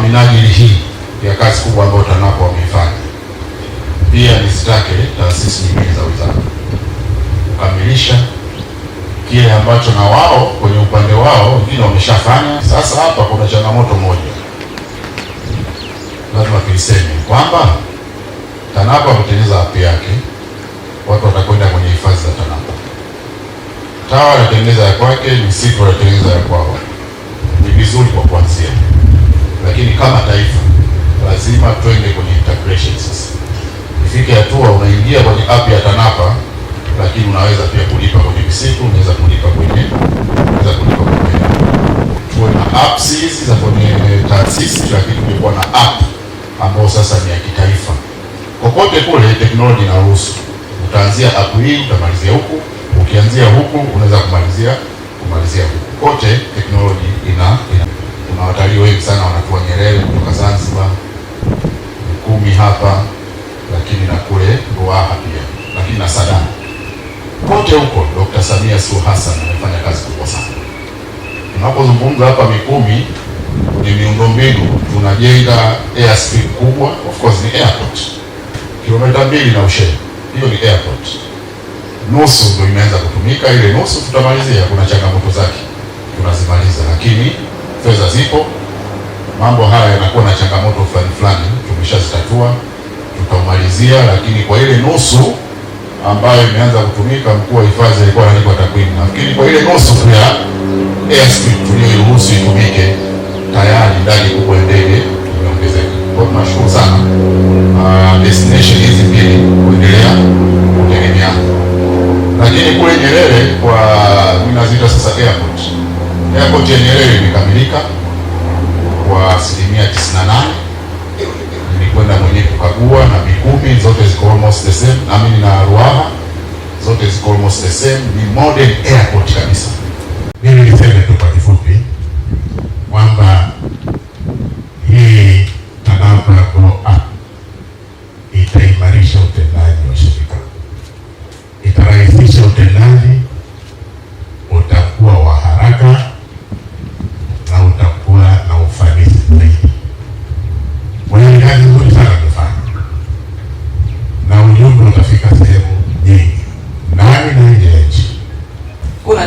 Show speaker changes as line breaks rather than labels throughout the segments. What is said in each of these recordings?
minajili hii ya kazi kubwa ambayo TANAPA wameifanya. Pia nizitake taasisi nyingine za wizara kukamilisha kile ambacho na wao kwenye upande wao wengine wameshafanya. Sasa hapa kuna changamoto moja lazima tuiseme kwamba TANAPA ametengeneza api yake, watu watakwenda kwenye hifadhi za TANAPA. TAWA anatengeneza ya kwake, misitu anatengeneza ya kwao. Ni vizuri kwa kuanzia kama taifa lazima twende kwenye integration sasa. Ifike hatua unaingia kwenye app ya TANAPA, lakini unaweza pia kulipa kwenye misitu, unaweza kulipa kwenye unaweza kulipa kwenye tuwe na apps hizi za kwenye taasisi, lakini kulikuwa na app ambayo sasa ni ya kitaifa. Kokote kule technology inaruhusu, utaanzia app hii utamalizia huku, ukianzia huku unaweza kumalizia kumalizia huku, kote technology ina, ina kuna watalii wengi sana wanatua Nyerere kutoka Zanzibar, Mikumi hapa, lakini na kule Ruaha pia, lakini na Sadara kote huko. Dr. Samia Suluhu Hassan amefanya kazi kubwa sana. Tunapozungumza hapa Mikumi ni miundombinu, tunajenga airspeed kubwa, of course ni airport kilomita mbili na ushe, hiyo ni airport nusu ndio imeanza kutumika. Ile nusu tutamalizia, kuna changamoto zake tunazimaliza, lakini fedha zipo, mambo haya yanakuwa na changamoto fulani fulani, tumeshazitatua tutamalizia, lakini kwa ile nusu ambayo imeanza kutumika, mkuu wa hifadhi alikuwa analipa takwimu, lakini kwa ile nusu tu ya airstrip tuliyoruhusu itumike, tayari idadi kubwa ya ndege imeongezeka. Kwa tunashukuru sana uh, destination Airport ya imekamilika kwa asilimia 98. Nilikwenda mwenyewe kukagua na Mikumi zote ziko almost the same, na mimi na Ruaha zote ziko almost the same. Ni modern airport kabisa.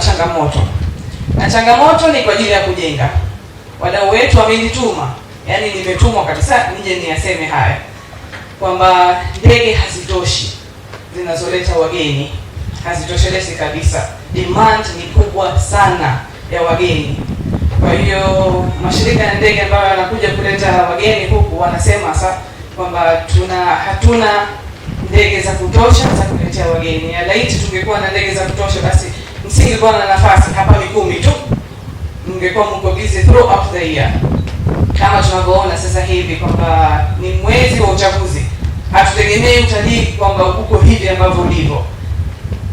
changamoto, na changamoto ni kwa ajili ya kujenga. Wadau wetu wamenituma, yaani nimetumwa kabisa nije niyaseme haya kwamba ndege hazitoshi, zinazoleta wageni hazitoshelezi kabisa. Demand ni kubwa sana ya wageni. Kwa hiyo mashirika ya ndege ambayo yanakuja kuleta wageni huku wanasema sasa kwamba tuna hatuna ndege za kutosha za kuletea wageni. Laiti tungekuwa na ndege za kutosha basi msingekuwa na nafasi hapa Mikumi tu, mngekuwa mko busy throughout the year, kama tunavyoona sasa hivi kwamba ni mwezi wa uchaguzi. Hatutegemei utalii kwamba uko hivi ambavyo ulivyo.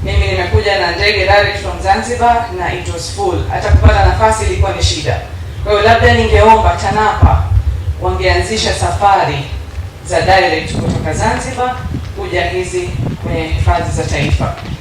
Mimi nimekuja na ndege direct from Zanzibar na it was full, hata kupata nafasi ilikuwa ni shida. Kwa hiyo labda ningeomba TANAPA wangeanzisha safari za direct kutoka Zanzibar kuja hizi kwenye eh, hifadhi za taifa.